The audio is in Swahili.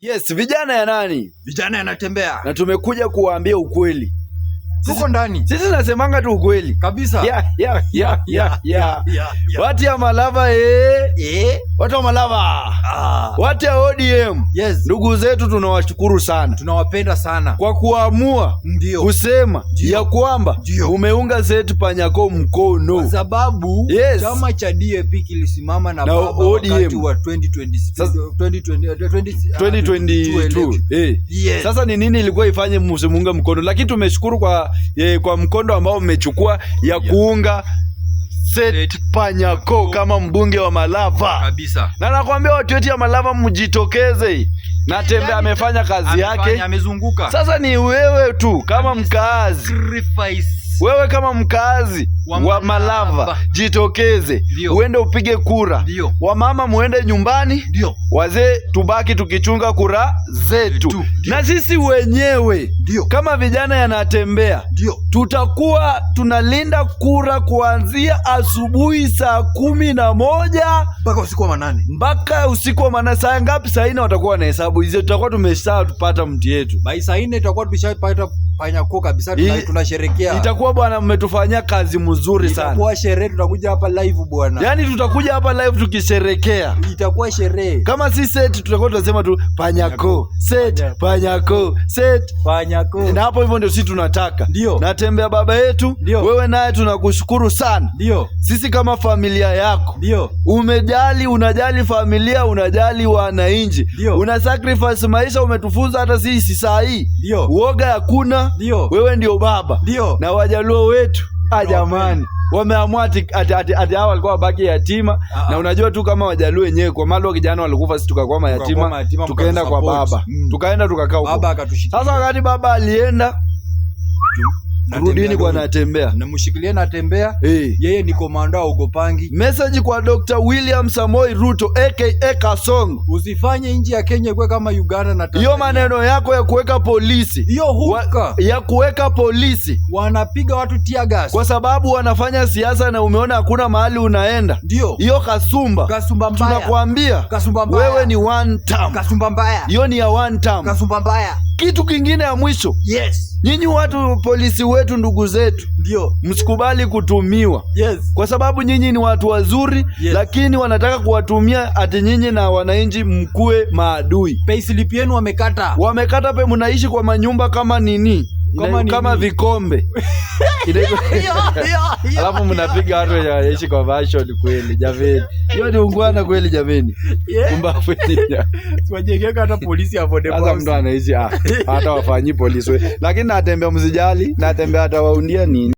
Yes, vijana ya nani? Vijana yanatembea. Na tumekuja kuwaambia ukweli. Tuko ndani. Sisi nasemanga tu ukweli. Kabisa. Yeah, yeah, yeah, yeah, yeah. Wati ya malava eh. Eh watu wa Malava ah, watu ya ODM yes. Ndugu zetu tunawashukuru sana, tunawapenda sana kwa kuamua ndio kusema Ndiyo. ya kwamba umeunga zetu panyako mkono kwa sababu yes. chama cha DAP kilisimama na, na baba ODM. wa 2022 ah, eh. Sasa ni nini ilikuwa ifanye msimuunge mkono, lakini tumeshukuru kwa, eh, kwa mkondo ambao mmechukua ya yeah. kuunga Seth Panyako kama mbunge wa Malava kabisa, na nakwambia watu wetu ya Malava mjitokeze. Natembe yaani amefanya kazi yake, amezunguka. Sasa ni wewe tu kama mkaazi sacrifice wewe kama mkaazi wa, wa Malava jitokeze, uende upige kura. Wamama muende nyumbani, wazee tubaki tukichunga kura zetu. Dio. Na sisi wenyewe Dio. kama vijana yanatembea Dio. tutakuwa tunalinda kura kuanzia asubuhi saa kumi na moja mpaka usiku wa manane mpaka usiku wa manane. Saa ngapi? Saa nne watakuwa na hesabu hizo, tutakuwa tumeshatupata mti yetu bai saa nne tutakuwa tumeshapata fanya kabisa, tunasherekea. Itakuwa bwana, mmetufanyia kazi mzuri sana. Itakuwa sherehe, tutakuja hapa live bwana, yaani tutakuja hapa live tukisherekea, itakuwa sherehe. Kama si set, tutakuwa tunasema tu panyako set, panyako set, panyako. Na hapo hivyo ndio sisi tunataka, ndio natembea baba yetu. Ndio wewe naye tunakushukuru sana, ndio sisi kama familia yako, ndio umejali, unajali familia, unajali wananchi, una sacrifice maisha, umetufunza hata sisi saa hii, uoga hakuna ndio wewe, ndio baba ndio, na Wajaluo wetu a ah, jamani wameamua ati ati hao walikuwa wabaki yatima -huh. Ah, ah. Na unajua tu kama Wajaluo wenyewe kwa malo kijana walikufa, si tukakuwa mayatima, tukaenda kwa baba mm. Tukaenda tukakaa huko. Sasa wakati baba alienda rudini kwa natembea, namshikilia natembea. Hey, eh. yeye ni komanda ugopangi. Message kwa Dr. William Samoi Ruto aka Kasong usifanye nchi ya Kenya kuwe kama Uganda na Tanzania. Hiyo maneno yako ya kuweka polisi, hiyo huka ya kuweka polisi, wanapiga watu tia gas kwa sababu wanafanya siasa na umeona hakuna mahali unaenda. Ndio hiyo kasumba, kasumba mbaya, tunakwambia kasumba mbaya. Wewe ni one term kasumba mbaya, hiyo ni ya one term kasumba mbaya. Kitu kingine ya mwisho yes Nyinyi watu polisi wetu, ndugu zetu, ndio msikubali kutumiwa yes. Kwa sababu nyinyi ni watu wazuri yes. Lakini wanataka kuwatumia ati nyinyi na wananchi mkue maadui. Payslip yenu wamekata, wamekata pe, mnaishi kwa manyumba kama nini kama, kama vikombe alafu mnapiga watu wenye wanaishi kwa fashion kweli jameni hiyo ni ungwana kweli jameni kumbaasa mtu anaishi ah, hata wafanyi polisi lakini natembea msijali natembea hata waundia nini